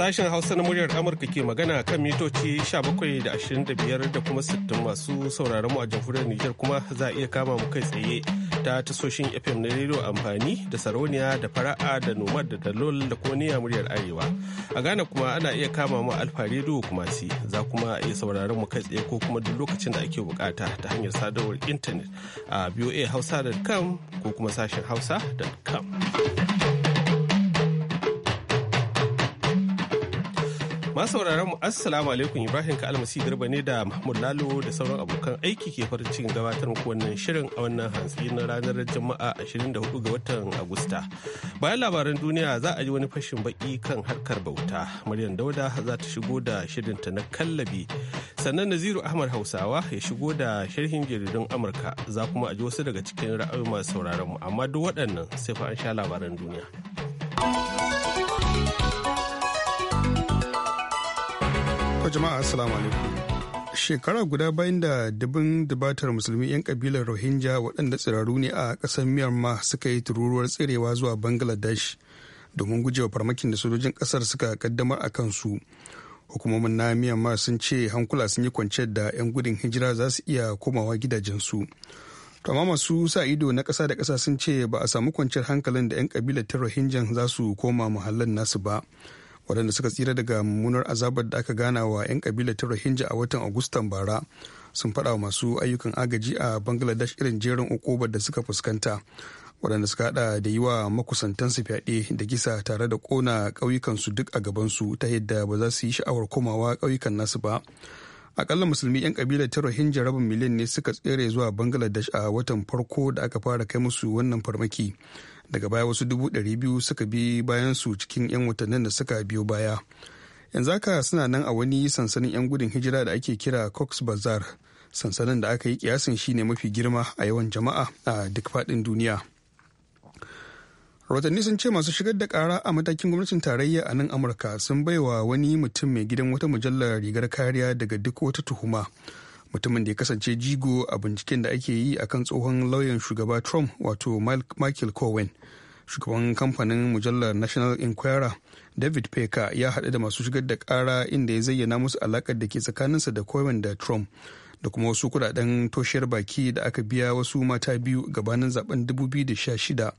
Sashen Hausa na muryar Amurka ke magana kan mitoci 17 da da kuma 60 masu sauraron mu a jamhuriyar Nijar kuma za a iya kama mu kai tsaye ta tasoshin FM na rediyo amfani da sarauniya da fara'a da nomad da dalol da kuma niyya muryar Arewa. A Ghana kuma ana iya kama mu alfa rediyo kuma si za kuma iya sauraron mu kai tsaye ko kuma duk lokacin da ake bukata ta hanyar sadarwar intanet a voahausa.com ko kuma sashen hausa.com. Masu sauraron mu assalamu alaikum Ibrahim ka almasi garba ne da Mahmud Lalo da sauran abokan aiki ke farin cikin gabatar muku wannan shirin a wannan hantsi na ranar Juma'a 24 ga watan Agusta. Bayan labaran duniya za a ji wani fashin baki kan harkar bauta. Maryam Dauda za ta shigo da shirin ta na kallabi. Sannan Naziru Ahmad Hausawa ya shigo da sharhin jaridun Amurka za kuma a ji wasu daga cikin ra'ayoyin masu sauraron mu amma duk waɗannan sai fa an sha labaran duniya. Ko jama'a assalamu alaikum. Shekara guda bayan da dubin dubatar musulmi 'yan kabilar Rohingya waɗanda tsiraru ne a ƙasar Myanmar suka yi tururuwar tserewa zuwa Bangladesh domin gujewa farmakin da sojojin ƙasar suka kaddamar a kansu. Hukumomin na Myanmar sun ce hankula sun yi kwanciyar da 'yan gudun hijira za su iya komawa gidajensu. To amma masu sa ido na ƙasa da ƙasa sun ce ba a samu kwanciyar hankalin da 'yan kabilar ta Rohingya za su koma muhallin nasu ba. waɗanda suka tsira daga mummunar azabar da aka gana wa 'yan kabilar ta rohingya a watan agustan bara sun faɗa masu ayyukan agaji a bangladesh irin jerin ukubar da suka fuskanta waɗanda suka haɗa da yi wa makusantansu fyaɗe da gisa tare da ƙona ƙauyukansu duk a gabansu ta yadda ba za su yi sha'awar komawa ƙauyukan nasu ba akalla musulmi 'yan kabilar ta rohingya rabin miliyan ne suka tsere zuwa bangladesh a watan farko da aka fara kai musu wannan farmaki daga baya wasu dubu ɗari biyu suka bi bayan su cikin 'yan watannin da suka biyo baya yanzu haka suna nan a wani sansanin 'yan gudun hijira da ake kira cox bazar sansanin da aka yi kiyasin shine mafi girma a yawan jama'a a duk faɗin duniya rotanni sun ce masu shigar da kara a matakin gwamnatin tarayya a nan amurka sun baiwa wani mutum mai gidan wata mujallar rigar kariya daga duk wata tuhuma mutumin da ya kasance jigo a binciken da ake yi a kan tsohon lauyan shugaba trump wato michael cohen shugaban kamfanin mujallar national inquirer david peka ya haɗu da masu shigar da ƙara inda ya zayyana musu alaƙar da ke tsakaninsa da cohen da trump da kuma wasu kudaden toshiyar baki da aka biya wasu mata biyu gabanin zaben 2016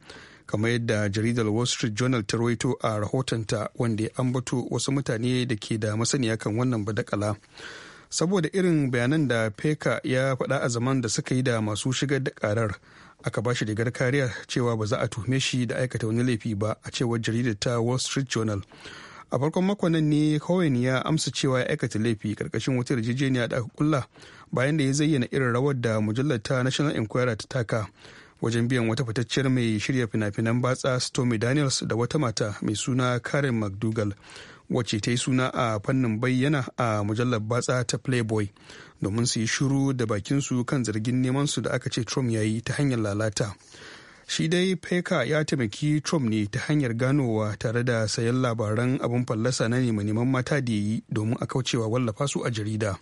kamar yadda jaridar wall street journal ta rawaito a rahotonta wanda ya ambato wasu mutane da ke da masaniya kan wannan badakala. saboda irin bayanan da peka ya faɗa a zaman da suka yi da masu shigar da karar aka ba shi rigar kariya cewa ba za a tuhume shi da aikata wani laifi ba a cewar jaridar ta wall street journal a farkon makon nan ne cohen ya amsa cewa ya aikata laifi karkashin wata yarjejeniya da aka kulla bayan da ya zayyana irin rawar da mujallar ta national inquirer ta taka wajen biyan wata fitacciyar mai shirya fina-finan batsa stormy daniels da wata mata mai suna karen mcdougal wacce ta yi suna a fannin bayyana a mujallar batsa ta playboy domin su yi shiru da bakinsu kan zargin neman su da aka ce trump ya yi ta hanyar lalata shi dai peka ya taimaki trump ne ta hanyar ganowa tare da sayan labaran abin fallasa na neman mata da yi domin a kaucewa wallafa su a jarida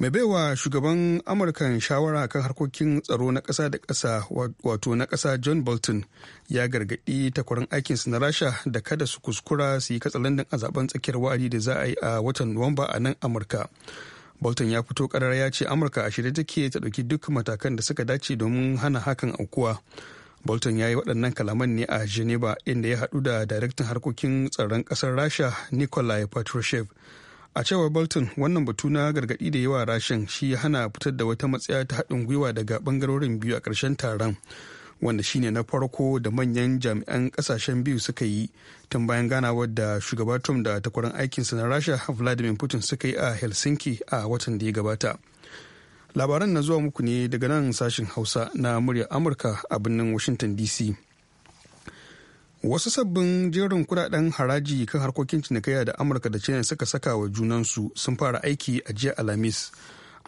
mai baiwa shugaban amurkan shawara kan harkokin tsaro na kasa da ƙasa wato na ƙasa john bolton ya gargaɗi takwarar aikinsu na rasha da kada su kuskura su yi katsalandan a zaben tsakiyar wa'adi da za a yi a watan nuwamba a nan amurka bolton ya fito karar ya ce amurka a shirye take ta ɗauki duk matakan da suka dace domin hana hakan aukuwa bolton ya yi waɗannan kalaman ne a geneva inda ya haɗu da daraktan harkokin tsaron ƙasar rasha nikolai patrushev a cewar bolton wannan batu na gargaɗi da yawa rashin shi ya hana fitar da wata matsaya ta haɗin gwiwa daga ɓangarorin biyu a ƙarshen taron wanda shine na farko da manyan jami'an ƙasashen biyu suka yi tun bayan ganawar da shugaba trump da takwarar aikinsa na rasha vladimir putin suka yi a helsinki a watan da ya gabata labaran na zuwa muku ne daga nan sashen hausa na murya amurka a birnin washington dc wasu sabbin jerin kudaden haraji kan harkokin cinikayya da amurka da china suka saka wa junansu sun fara aiki a jiya alhamis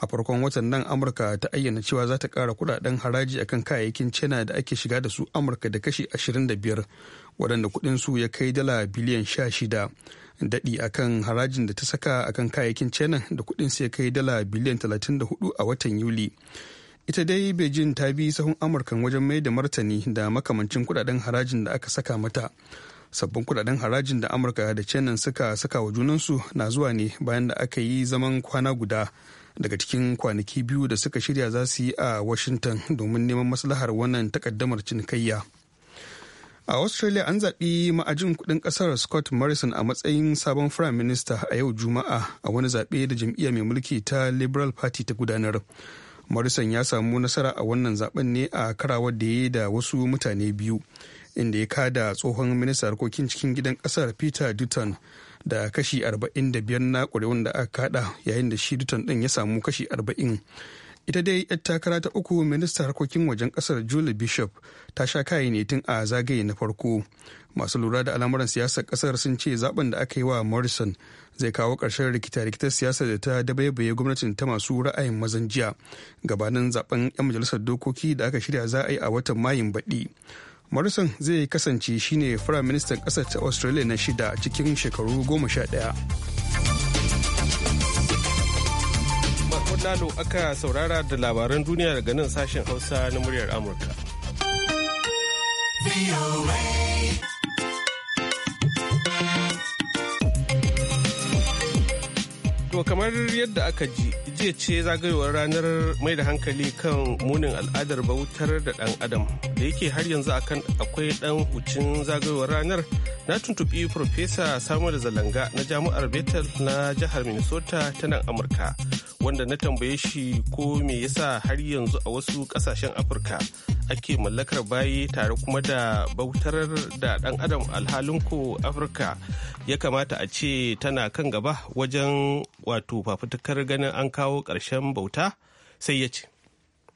a farkon watan nan amurka ta ayyana cewa za ta kara kudaden haraji akan kayayyakin china da ake shiga da su amurka da kashi 25 waɗanda kudin su ya kai dala biliyan 16 daɗi akan harajin da ta saka akan kayayyakin china da kudin su ya kai dala biliyan 34 a watan yuli ita dai beijing ta bi sahun amurkan wajen mai da martani da makamancin kudaden harajin da aka saka mata sabbin kudaden harajin da amurka da china suka saka wa junansu na zuwa ne bayan da aka yi zaman kwana guda daga cikin kwanaki biyu da suka shirya za su yi a washington domin neman maslahar wannan takaddamar cinikayya a australia an zaɓi ma'ajin kudin ƙasar scott morrison a matsayin sabon firayim minista a yau juma'a a wani zaɓe da jam'iyya mai mulki ta liberal party ta gudanar morrison ya samu nasara a wannan zaben ne a karawar da ya da wasu mutane biyu inda ya kada tsohon minista harkokin cikin gidan kasar peter dutton da kashi 45 na ƙuri'un da aka kada yayin da shi dutton ɗin ya samu kashi 40 ita dai yar takara ta uku ministan harkokin wajen kasar julie bishop ta sha kayi ne tun a zagaye na farko masu lura da al'amuran siyasar kasar sun ce zaben da aka yi wa morrison zai kawo ƙarshen rikita-rikitar siyasar da ta dabaibaye gwamnatin ta masu ra'ayin mazan jiya gabanin zaben 'yan majalisar dokoki da aka shirya za a yi a watan mayun baɗi morrison zai kasance shine firayim ministan ƙasar ta australia na shida cikin shekaru goma sha ɗaya Lalo aka saurara da labaran duniya daga nan sashen Hausa na muryar Amurka. To kamar yadda aka ji jiya ce zagayowar ranar mai da hankali kan munin al'adar bautar da ɗan adam da yake har yanzu akan akwai ɗan hucin zagayowar ranar na tuntuɓi Profesa Samuel Zalanga na Jami'ar Bethel na jihar Minnesota ta nan Amurka wanda na tambaye shi ko me yasa har yanzu a wasu ƙasashen Afirka ake mallakar bayi tare kuma da bautar da dan adam ku afirka ya kamata a ce tana kan gaba wajen wato fafutukar ganin an kawo karshen bauta sai ya ce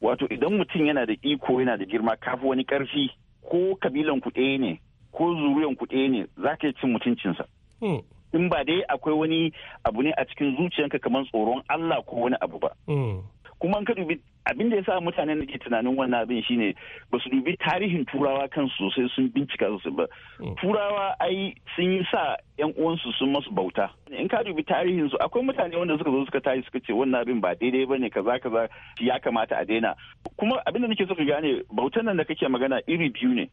wato idan mutum yana da iko yana da girma kafi wani ƙarfi ko kabilan ku ɗaya ne ko zuriyan ku ne za ka cin mutuncinsa hmm. in ba dai akwai wani abu ne a cikin zuciyanka kamar tsoron allah ko wani abu ba hmm. kuma ka dubi abin da ya sa mutanen da ke tunanin wannan abin shine ba su dubi tarihin turawa kan sosai sun bincika su ba mm. turawa ai sun yi sa yan uwansu sun masu bauta in ka dubi tarihin su akwai mutane wanda suka zo suka tashi suka ce wannan abin ba daidai ba ne kaza kaza ya kamata a daina kuma abin da nake so ka gane bautan nan da kake magana iri biyu ne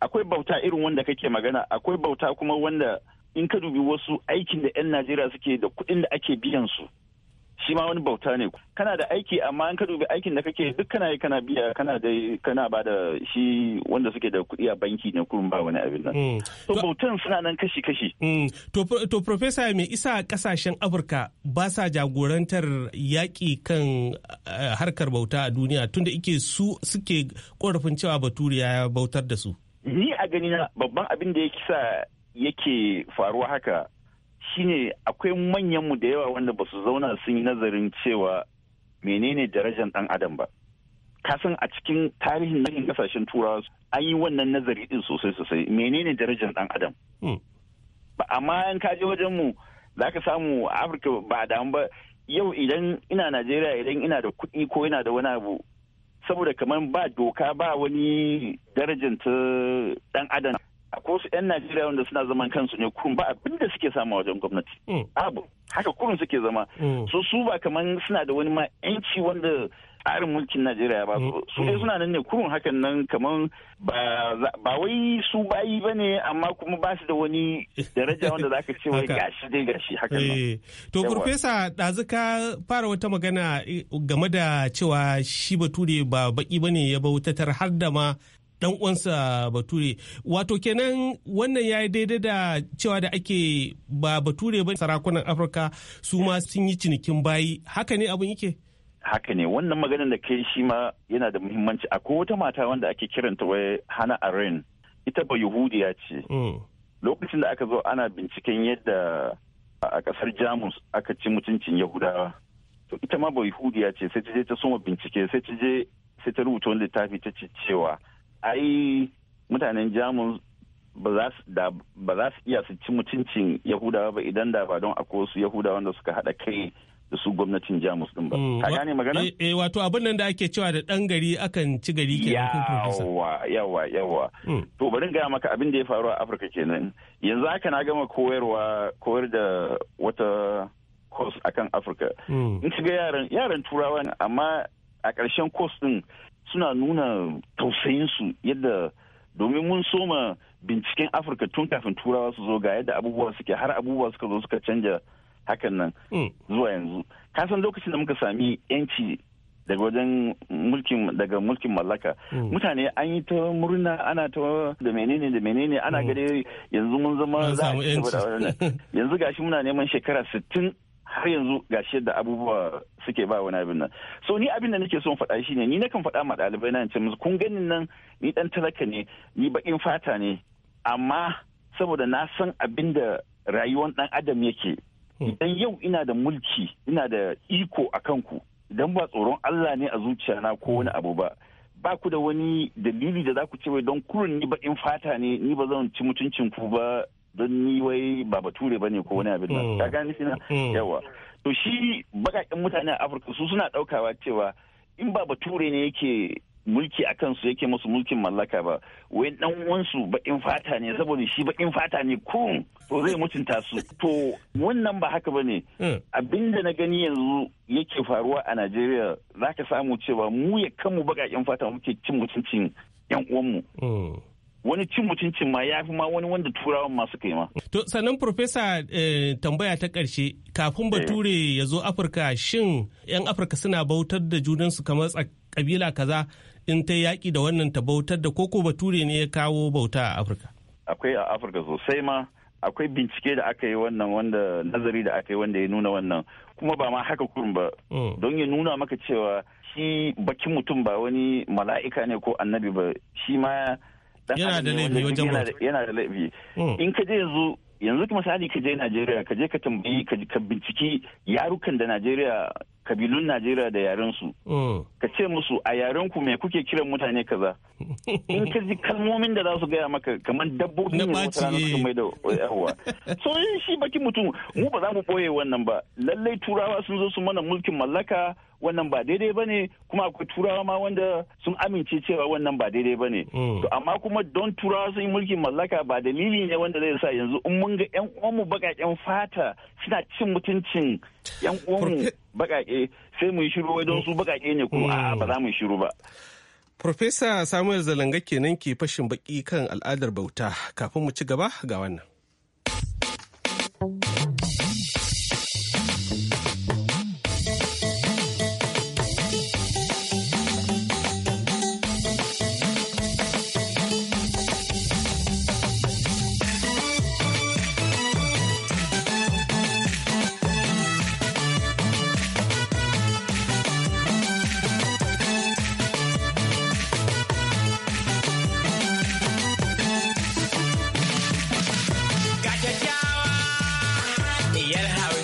akwai bauta irin wanda kake magana akwai bauta kuma wanda in ka dubi wasu aikin da 'yan najeriya suke da kuɗin da ake biyan su shi ma wani bauta ne kana da aiki amma in ka dubi aikin da kake duk kana yi kana biya kana da kana ba da shi wanda suke da kuɗi a banki na kurun ba wani abin nan hmm. to bautan suna nan kashi kashi hmm. to professor me isa kasashen afirka ba sa jagorantar yaƙi kan eh, harkar bauta a duniya tunda ike su suke korafin cewa baturiya ya bautar da su ni a ganina babban abin da ya kisa yake faruwa haka shine akwai manyanmu da yawa wanda ba su zauna sun yi nazarin cewa menene darajar dan adam ba kasan a cikin tarihin nan kasashen turawa an yi wannan nazari din sosai sosai menene darajar dan adam hmm. ba amma in ka je wajen mu za ka samu a afirka ba da ba yau idan ina najeriya idan ina da kuɗi ko ina da wani abu saboda kamar ba doka ba wani ta dan adam akwai wasu 'yan Najeriya wanda suna zaman kansu ne kurun ba abin da suke samu wajen gwamnati. Mm. Abu haka kurun suke zama. Mm. So su ba kamar suna da wani ma 'yanci wanda tsarin mulkin Najeriya ba mm. su dai suna nan ne kurun hakan nan kamar ba wai su bayi ba ne amma kuma ba su da wani daraja wanda za ka ce wai gashi dai gashi hakan nan. Eh. To Farfesa ɗazu ka fara wata magana eh, game da cewa shi bature ba baki ba ne ya bautatar har da ma dan uwansa bature wato kenan wannan ya yi daidai da cewa da ake ba bature ba sarakunan afirka su ma sun yi cinikin bayi haka ne abin yake haka ne wannan maganar da kai shi ma yana da muhimmanci akwai wata mata wanda ake kiranta wai hana aren ita ba yahudiya ce mm. lokacin da aka zo ana binciken yadda a kasar jamus aka ci mutuncin yahudawa to ita ma ba yahudiya ce sai ta je ta soma bincike sai ta je sai ta rubuta wani littafi ta ce cewa ai mutanen jamus ba za su iya su ci mutuncin yahudawa ba idan da ba don akwai wasu yahudawa wanda suka haɗa kai da su gwamnatin jamus din ba hmm, ka gane magana e wato abin nan da ake cewa da ɗan gari akan ci gari ke yawa yawa yawa to bari gaya maka abin da ya faru a afirka kenan yanzu haka na gama koyarwa koyar da wata course akan afirka hmm. in shiga ga yaran yaran turawa amma a ƙarshen course din suna nuna tausayinsu yadda domin mun soma binciken afirka tun kafin turawa su zo ga yadda abubuwa suke har abubuwa suka zo suka canja hakan nan hmm. zuwa yanzu kasan lokacin da muka sami yanci daga wajen mulkin daga mulkin mallaka hmm. mutane an yi ta murna ana ta da menene da menene ana hmm. gare yanzu mun zama za a yanzu gashi muna neman shekara sittin har yanzu ga shi da abubuwa suke ba wani abin nan so ni abin da nake son faɗa shi ne ni nakan faɗa ma ɗalibai na ce musu kun ganin nan ni dan talaka ne ni bakin fata ne amma saboda na san abin da rayuwar ɗan adam yake hmm. idan yau ina da mulki ina da iko a kanku idan ba tsoron Allah ne a zuciya na ko wani abu ba ba ku da wani dalili da za ku ce wai don kurun ni baƙin fata ne ni ba zan ci mutuncin ku ba don ni wai ba bature ba ne ko wani abin nan mm. ka gani na. Mm. yawa to shi bakakin mutane a afirka su suna daukawa cewa in ba bature ne yake mulki a kansu yake musu mulkin mallaka ba wai dan wansu bakin fata ne saboda shi bakin fata ne ko to zai mutunta su to wannan ba haka bane mm. abinda na gani yanzu yake faruwa a Najeriya zaka samu cewa mu ya kanmu bakakin fata muke cin mutuncin yan uwanmu wani cin mutuncin ma ya fi ma wani wanda turawan masu kai ma. To sannan Profesa eh, tambaya ta ƙarshe kafin eh. bature ya zo Afirka shin 'yan Afirka suna bautar da junansu kamar kabila kaza in ta yaƙi da wannan ta bautar da koko bature ne ya kawo bauta a Afirka. Akwai a Afirka sosai ma akwai bincike da aka yi wannan wanda nazari da aka yi wanda ya nuna wannan kuma ba ma haka kurum ba mm. don ya nuna maka cewa shi bakin mutum ba wani mala'ika ne ko annabi ba shi ma yana da laifi wajen yana da laifi in ka je yanzu yanzu misali ka je Najeriya ka je ka tambayi ka binciki yarukan da Najeriya kabilun Najeriya da yaren su. Mm. Ka ce musu a yaren ku me kuke kiran mutane kaza. In ka ji kalmomin da za su gaya maka kamar dabbobi ne wata rana su mai da yawa. So eh, shi baki mutum mu ba za mu boye wannan ba. Lallai turawa sun zo su mana mulkin mallaka wannan ba daidai bane kuma akwai turawa ma wanda sun amince cewa wannan ba daidai bane. Mm. To amma kuma don turawa sun yi mulkin mallaka ba dalili ne wanda zai sa yanzu in mun ga 'yan uwanmu baƙaƙen fata suna cin mutuncin 'yan uwanmu bakake sai mu yi shiru wai don su bakake ne ko a ba za mu yi shiru ba Profesa Samuel Zalanga kenan ke fashin baki kan al'adar bauta kafin mu ci gaba ga wannan. how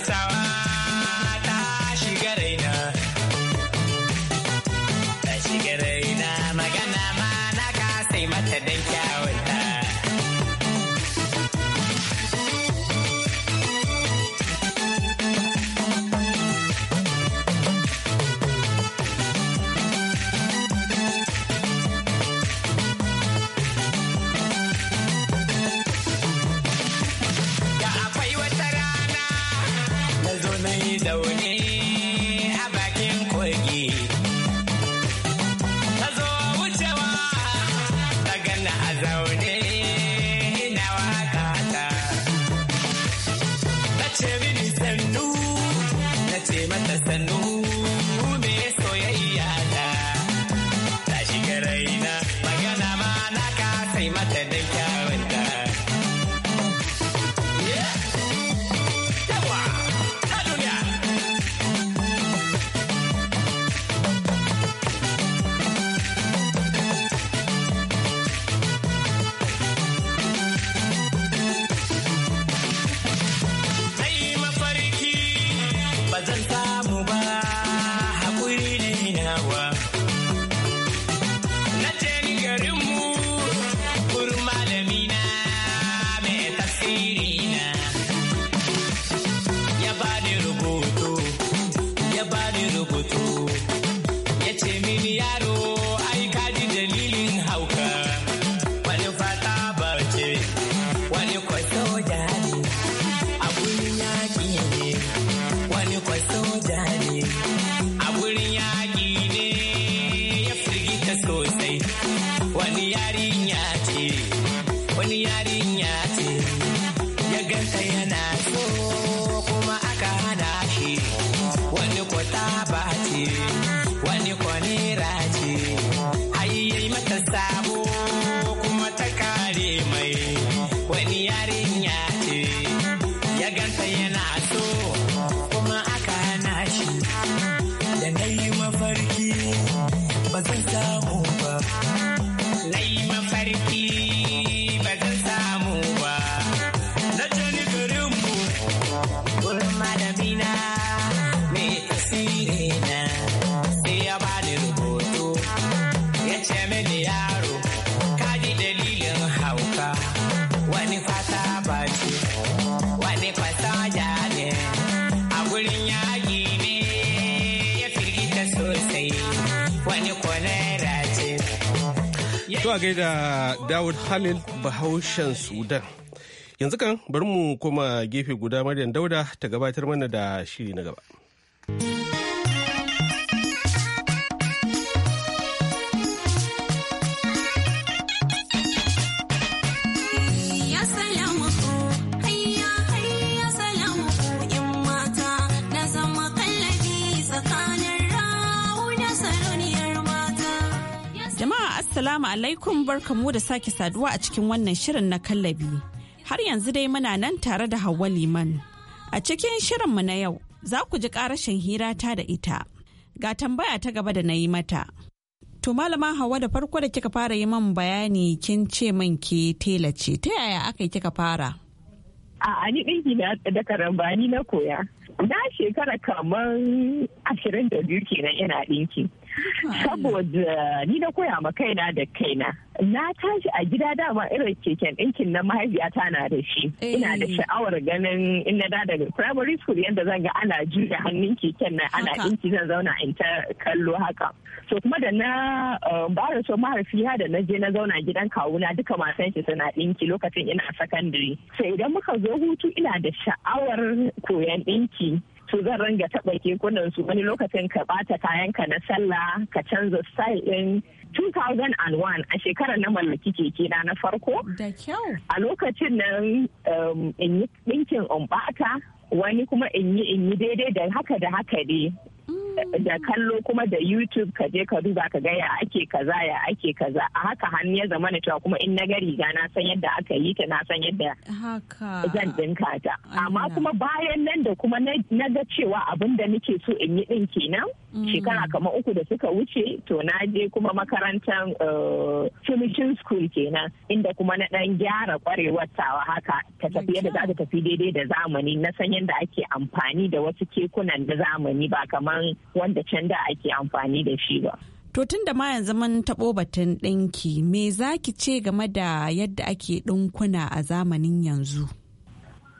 wani yarinya ce wani yari wani To a gaida Dawud Halil Bahaushen Sudan. Yanzu kan bari mu koma gefe guda Maryam Dauda ta gabatar mana da shiri na gaba. Assalamu alaikum barkamu da sake saduwa a cikin wannan shirin na kallabi. Har yanzu dai muna nan tare da Hauwa Liman. A cikin shirinmu na yau za ku ji ƙarashin ta da ita. Ga tambaya ta gaba da na yi mata. To malama Hauwa da farko da kika fara yi man bayani kin ce man ke tela ce ta yaya aka yi kika fara? A ni ɗinki na da karambani na koya. Na shekara kamar ashirin da biyu kenan ina ɗinki. saboda ni na koya ma kaina da kaina na tashi a gida dama irin keken ɗinkin na mahaifiyata na da shi eh. ina da sha'awar ganin in na da daga primary school yadda zan ga ana juya hannun keken na ana ɗinki zan zauna in ta kallo haka so kuma da na eh, bara so mahaifiya da na je na zauna gidan kawuna duka matan shi suna ɗinki lokacin ina sakandare. sai idan muka zo hutu ina da sha'awar koyan ɗinki su zan ranga taɓa kekunan su wani lokacin ka bata kayan ka na sallah ka canza style ɗin 2001 a shekarar na mallaki keke na na farko da kyau a lokacin nan um, in yi ɗinkin umbata wani kuma in yi in yi daidai da haka da haka dai da kallo kuma da YouTube ka je ka duba ka ga ya ake kaza ya ake kaza a haka hannu ya zama na cewa kuma in na ga riga na san yadda aka yi ta na san yadda zan dinka ta amma kuma bayan nan da kuma na ga cewa abin da nake so in yi din kenan Mm. shekara kamar uku da suka wuce to na je kuma makarantar eh, finishing school kenan inda kuma na dan gyara kwarewar tawa haka ta tafi yadda za ta tafi daidai da zamani na san yadda ake amfani da wasu kekunan da zamani ba kamar wanda can da ake amfani da shi ba. To tun da ma yanzu mun taɓo batun ɗinki, me za ki ce game da yadda ake ɗinkuna a zamanin yanzu?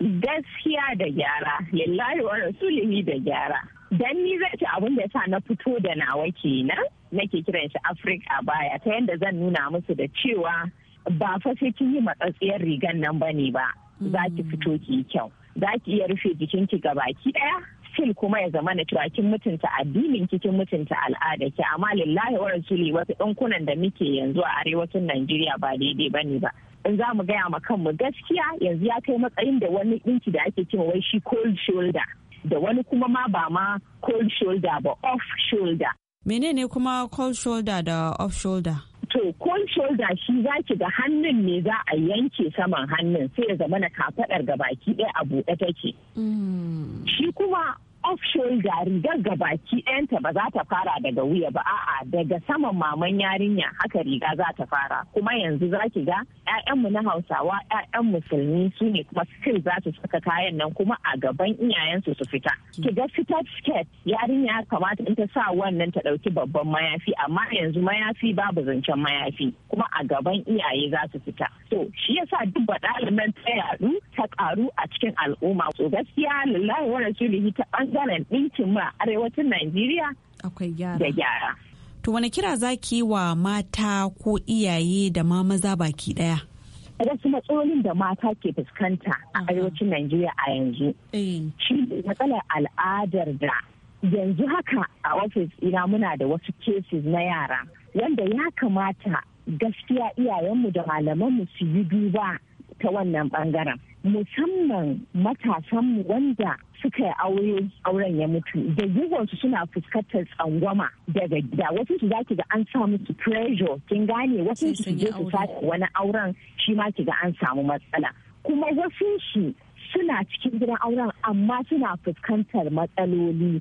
Gaskiya da gyara, lallai wa rasulihi da gyara. Dan ni zai ci abin da yasa na fito da nawa kenan nake kiran shi Afirka baya ta yadda zan nuna musu da cewa ba fa sai kin yi matsatsiyar rigan nan bane ba za ki hmm. fito ki yi kyau za ki iya rufe jikinki baki daya fil kuma ya zama na cewa kin mutunta addinin ki kin mutunta al'ada ki amma lillahi wa rasuli wasu kunan da muke yanzu a arewacin Najeriya ba daidai bane ba in za mu gaya ma kanmu gaskiya yanzu ya kai matsayin da wani ɗinki da ake cewa wai shi cold shoulder da wani kuma ma ba ma cold shoulder ba off shoulder. Menene kuma cold shoulder da off shoulder? To cold shoulder shi za ki ga hannun ne za a yanke saman hannun sai ya zama na kafaɗar ga baki ɗaya a buɗe take. Mm. Shi kuma off shoulder rigar gabaki ɗayanta ba za ta fara daga wuya ba a'a daga saman maman yarinya haka riga za ta fara kuma yanzu za ki ga 'ya'yanmu na hausawa 'ya'yan musulmi su ne kuma still za su saka kayan nan kuma a gaban iyayensu su fita ki ga fitar skirt yarinya kamata in ta sa wannan ta ɗauki babban mayafi amma yanzu mayafi babu zancen mayafi kuma a gaban iyaye za su fita so shi yasa duk baɗaliman ta yaɗu ta ƙaru a cikin al'umma so gaskiya lillahi wani sulhi ta ɓangaren bangaren ɗinkin mu a arewacin Najeriya akwai gyara. gyara. To wani kira za ki wa mata ko iyaye da ma maza baki ɗaya? su matsalolin da mata ke fuskanta a arewacin Najeriya a yanzu. Eh. Shi matsalar al'adar da yanzu haka a ofis ina muna da wasu cases na yara wanda ya kamata gaskiya iyayenmu da malamanmu su yi duba ta wannan bangaren. Musamman matasanmu wanda suka yi aure auren ya mutu da gugonsu suna fuskantar tsangwama daga gida wasu su zaki ga an samu su pressure kin gane wasu su je su sake wani auren shi ma ki ga an samu matsala kuma wasu su suna cikin gidan auren amma suna fuskantar matsaloli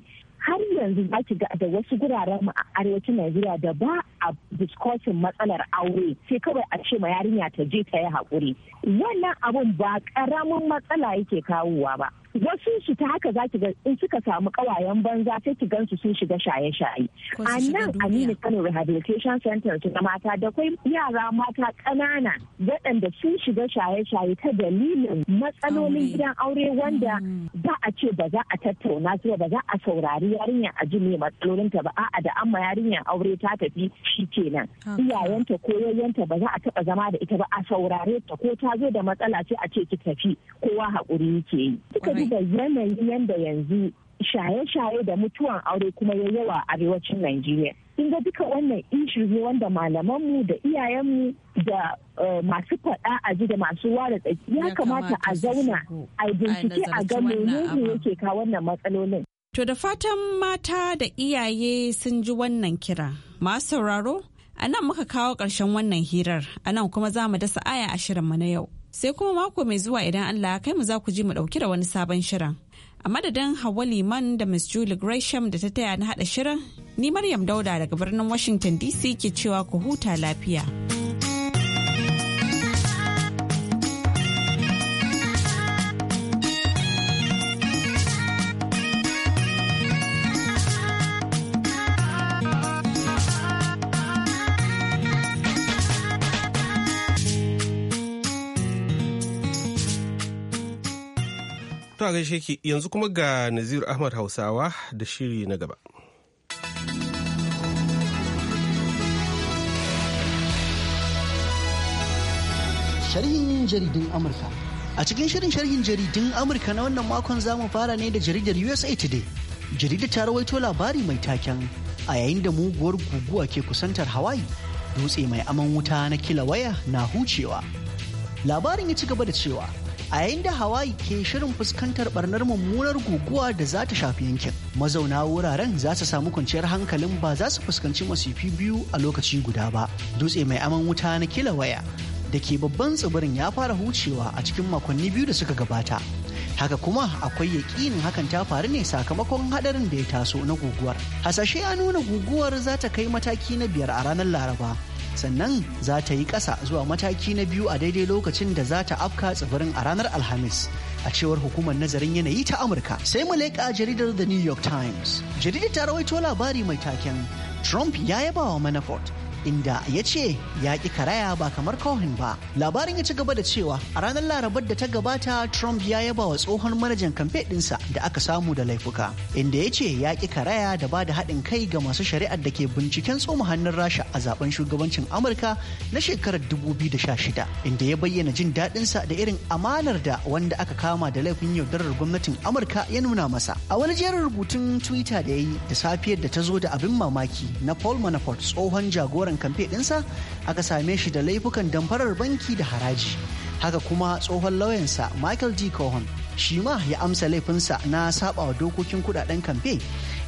har yanzu za ki ga da wasu guraren mu a arewacin Najeriya da ba a discussing matsalar aure sai kawai a ce ma yarinya ta je ta yi haƙuri. Wannan abun ba ƙaramin matsala yake kawowa ba. wasu su ta haka za ki ga in suka samu kawayen banza sai ki gansu sun shiga shaye-shaye a nan aminu kano rehabilitation center na mata da kwai yara mata ƙanana waɗanda sun shiga shaye-shaye ta dalilin matsalolin gidan aure wanda mm. ba a ce ba za a tattauna su ba za a saurari yarinya a ji me ta ba a'a da amma yarinyar aure ta tafi shi kenan iyayenta ko ba za a taɓa zama da ita ba a saurare ta ko ta zo da matsala sai a ce ki tafi kowa haƙuri yake yi da yanayi yanda yanzu shaye-shaye da mutuwan aure kuma ya yawa a arewacin Najeriya. in ga duka wannan ishu ne wanda malamanmu da iyayenmu da eh, masu faɗa a ji da masu ware tsaki ya kamata a zauna a bincike a ga menene yake ka wannan matsalolin. To da fatan mata da iyaye sun ji wannan kira. Masu sauraro, a nan muka kawo ƙarshen wannan hirar, a nan kuma za mu dasa aya a shirinmu na yau. sai kuma mako mai zuwa idan Allah kai mu za ku ji mu dauki da wani sabon shirin. A madadin Hawa Liman da Miss Julie Gresham da ta taya na haɗa shirin, ni Maryam Dauda daga birnin Washington DC ke cewa ku huta lafiya. To gaishe ki yanzu kuma ga Nazir Ahmad Hausawa da shiri na gaba. Sharhin jaridun Amurka A cikin shirin sharhin jaridun Amurka na wannan makon za mu fara ne da jaridar USA Today. Jaridar ta rawaito labari mai taken a yayin da muguwar guguwa ke kusantar Hawaii dutse mai aman wuta na kilawaya na hucewa. Labarin ya ci gaba da cewa a yayin da hawaii ke shirin fuskantar barnar mummunar guguwa da za ta shafi yankin mazauna wuraren za su samu kwanciyar hankalin ba za su fuskanci masifi biyu a lokaci guda ba dutse mai aman wuta na kila-waya da ke babban tsibirin ya fara hucewa a cikin makonni biyu da suka gabata haka kuma akwai yakinin hakan ta faru ne sakamakon haɗarin da ya taso na guguwar hasashe ya nuna guguwar za ta kai mataki na biyar a ranar laraba sannan za ta yi ƙasa zuwa mataki na biyu a daidai lokacin da za ta afka tsibirin a ranar alhamis a cewar hukumar nazarin yanayi ta amurka sai mu leƙa jaridar the new york times jaridar ta rawaito labari mai taken trump ya yaba wa manafort inda ya ce yaƙi karaya ba kamar kohin ba. Labarin ya ci gaba da cewa a ranar Larabar da ta gabata Trump ya yaba wa tsohon manajan kamfe ɗinsa da aka samu da laifuka, inda ya ce ya karaya da ba da haɗin kai ga masu shari'ar da ke binciken tsoma hannun Rasha a zaben shugabancin Amurka na shekarar 2016, inda ya bayyana jin daɗinsa da irin amanar da wanda aka kama da laifin yaudarar gwamnatin Amurka ya nuna masa. A wani jerin rubutun Twitter da ya yi da safiyar da ta zo da abin mamaki na Paul Manafort tsohon jagoran wannan kamfe ɗinsa aka same shi da laifukan damfarar banki da haraji haka kuma tsohon lauyansa michael d cohen shi ma ya amsa laifinsa na sabawa dokokin kudaden kamfe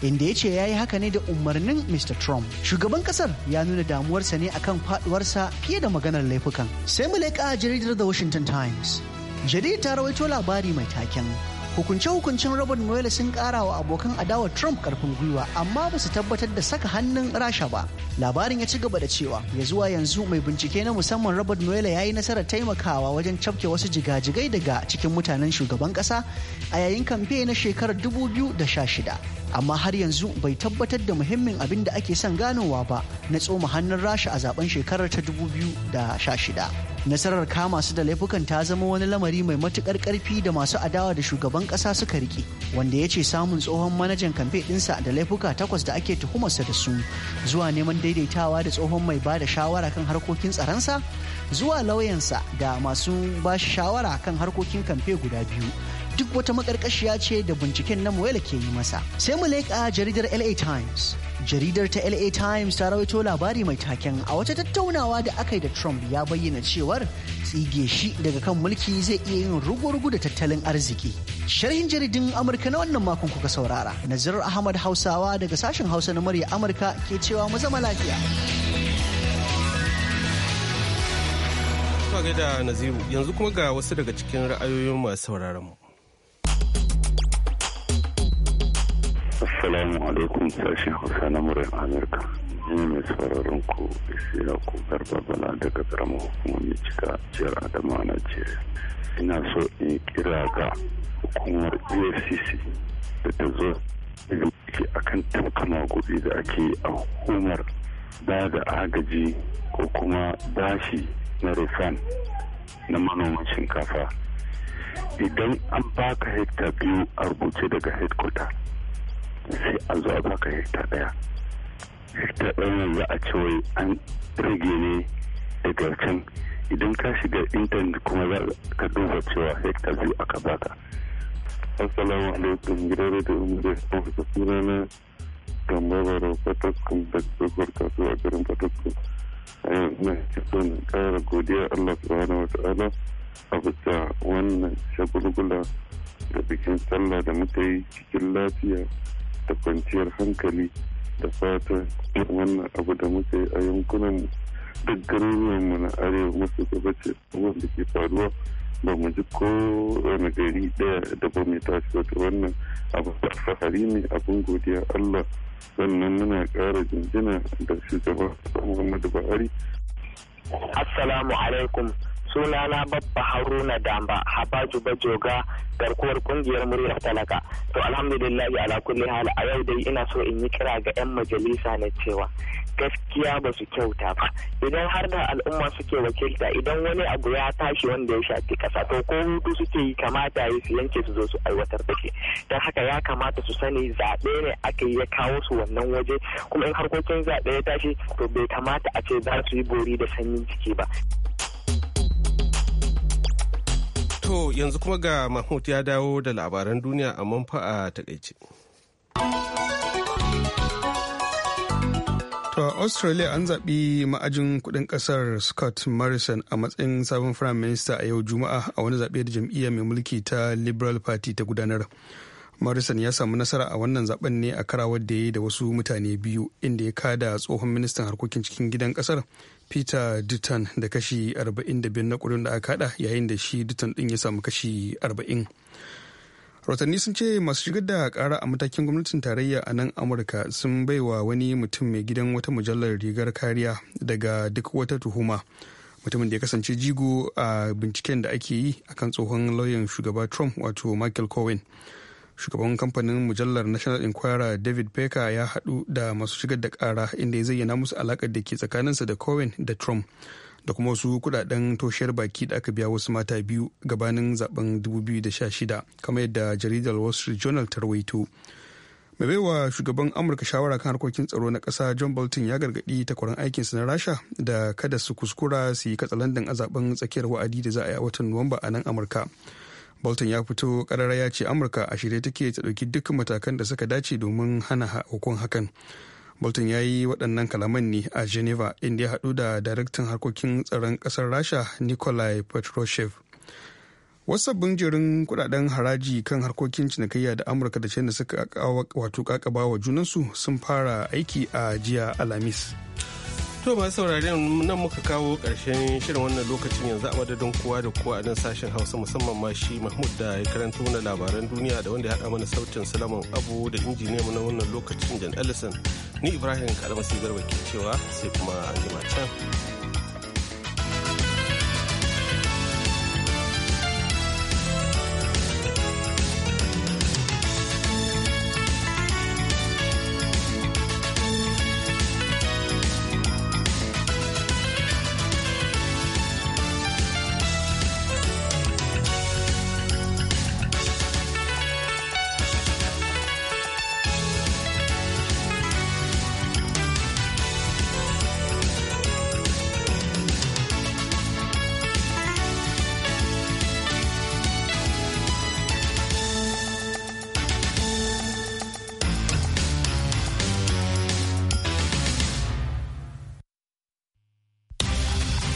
inda ya ce ya yi haka ne da umarnin mr trump shugaban kasar ya nuna damuwarsa ne akan faduwarsa fiye da maganar laifukan sai mu leƙa jaridar the washington times jaridar ta rawaito labari mai taken hukunce-hukuncen robert mueller sun kara wa abokan adawar trump karfin gwiwa amma ba su tabbatar da saka hannun rasha ba labarin ya ci gaba da cewa ya zuwa yanzu mai bincike na musamman robert mueller ya yi nasarar taimakawa wajen cafke wasu jigajigai daga cikin mutanen shugaban kasa a yayin kamfe na shekarar shida, amma har yanzu bai tabbatar da muhimmin abin da ake son ganowa ba na tsoma hannun rasha a zaben shekarar ta da 2016 nasarar kama su da laifukan ta zama wani lamari mai matukar karfi da masu adawa da shugaban kasa suka rike wanda ya ce samun tsohon manajan kamfe dinsa da laifuka takwas da ake tuhumarsa da su zuwa neman daidaitawa da tsohon mai ba da shawara kan harkokin tsaronsa zuwa lauyansa da masu ba shawara kan harkokin kamfe guda biyu duk wata makarkashiya ce da binciken na Muela ke yi masa sai mu leƙa jaridar LA Times jaridar ta la times ta rawaito labari mai taken a wata tattaunawa da aka yi da trump ya bayyana cewar tsige shi daga kan mulki zai iya yin rugu-rugu da tattalin arziki sharhin jaridin amurka na wannan makon kuka saurara nazirar ahmad hausawa daga sashen hausa na murya amurka ke cewa mu zama lafiya yanzu kuma ga wasu daga cikin ra'ayoyin masu sauraron mu Assalamu alaikum sashen Hausa na murayen Amurka. Ni mai sauraron ku ya ku garba bala daga karamar hukumar cika jihar a Najeriya. Ina so in kira ga hukumar EFCC da ta zo daga akan tafkama gobe da ake a hukumar ba da agaji ko kuma bashi na refan na manoman shinkafa. Idan an baka hekta biyu a rubuce daga headquarter sai a zo a baka hekta ɗaya hekta ɗaya za a ce wai an rage ne daga can idan ka shiga intanet kuma za ka duba cewa hekta biyu aka baka asalamu alaikum gidan radio umar da suna na gambaba da fataskum da tsohuwar a garin fataskum a yanzu na cikin kara godiya allah subhanahu wa ta'ala a bisa wannan shagulgula da bikin sallah da muka yi cikin lafiya da kwanciyar hankali da fata wannan abu da muke a yankunan duk mu na arewa masu gabacin wanda ke faruwa ba mu ji ko wani gari daya da ba mai tashi wata wannan abu da fahari ne abin godiya Allah sannan muna ƙara jinjina da shugaba Muhammadu Buhari. Assalamu alaikum sunana babba haruna damba habaju bajoga garkuwar kungiyar muryar talaka to alhamdulillah ala kulli hal a yau dai ina so in yi kira ga 'yan majalisa na cewa gaskiya ba su kyauta ba idan har da al'umma suke wakilta idan wani abu ya tashi wanda ya shafi kasa to ko hutu suke yi kamata yi su yanke su zo su aiwatar da ke don haka ya kamata su sani zaɓe ne aka yi ya kawo su wannan waje kuma in harkokin zaɓe ya tashi to bai kamata a ce za su yi bori da sanyin ciki ba. To yanzu kuma ga Mahmud ya dawo da labaran duniya a manfa a takaice. To Australia an zaɓi ma'ajin kuɗin ƙasar Scott Morrison a matsayin sabon Firayim Minista a yau Juma'a a wani zaɓe da jam'iyyar mai mulki ta Liberal Party ta gudanar. Morrison ya samu nasara a wannan zaben ne a karawar da ya yi da wasu mutane biyu inda ya kada tsohon ministan harkokin cikin gidan kasar Peter Dutton da kashi 45 na kudin da aka kada yayin da shi Dutton din ya samu kashi 40. Rotanni sun ce masu shigar da kara a matakin gwamnatin tarayya a nan Amurka sun baiwa wani mutum mai gidan wata mujallar rigar kariya daga duk wata tuhuma. mutumin da ya kasance jigo a binciken da ake yi akan tsohon lauyan shugaba trump wato michael cohen shugaban kamfanin mujallar national inquirer david baker ya haɗu da masu shigar da ƙara inda ya zayyana musu alaƙar da ke tsakaninsa da cohen da trump da kuma wasu kudaden toshiyar baki da aka biya wasu mata biyu gabanin zaben 2016 kamar yadda jaridar wall street journal ta rawaito mai baiwa shugaban amurka shawara kan harkokin tsaro na ƙasa john bolton ya gargaɗi takwaran aikinsa na rasha da kada su kuskura su yi katsalandan a zaben tsakiyar wa'adi da za a yi a watan nuwamba a nan amurka bolton ya fito karara ya ce amurka a shirye take ta dauki dukkan matakan da suka dace domin hana hukun hakan bolton ya yi waɗannan kalaman ne a geneva inda ya haɗu da daraktan harkokin tsaron ƙasar rasha nikolai petroshev wasu sabbin kudaden haraji kan harkokin cinikayya da amurka da china suka wato kakaba wa junansu sun fara aiki a jiya alhamis To masu sauraren nan muka kawo ƙarshen shirin wannan lokacin yanzu a madadin kowa da kowa a nan sashen Hausa musamman ma shi Mahmud da ya karanta mana labaran duniya da wanda ya haɗa mana sautin Salaman Abu da injiniya mu na wannan lokacin Jan Ellison. Ni Ibrahim Kalmasi Garba ke cewa sai kuma an jima can.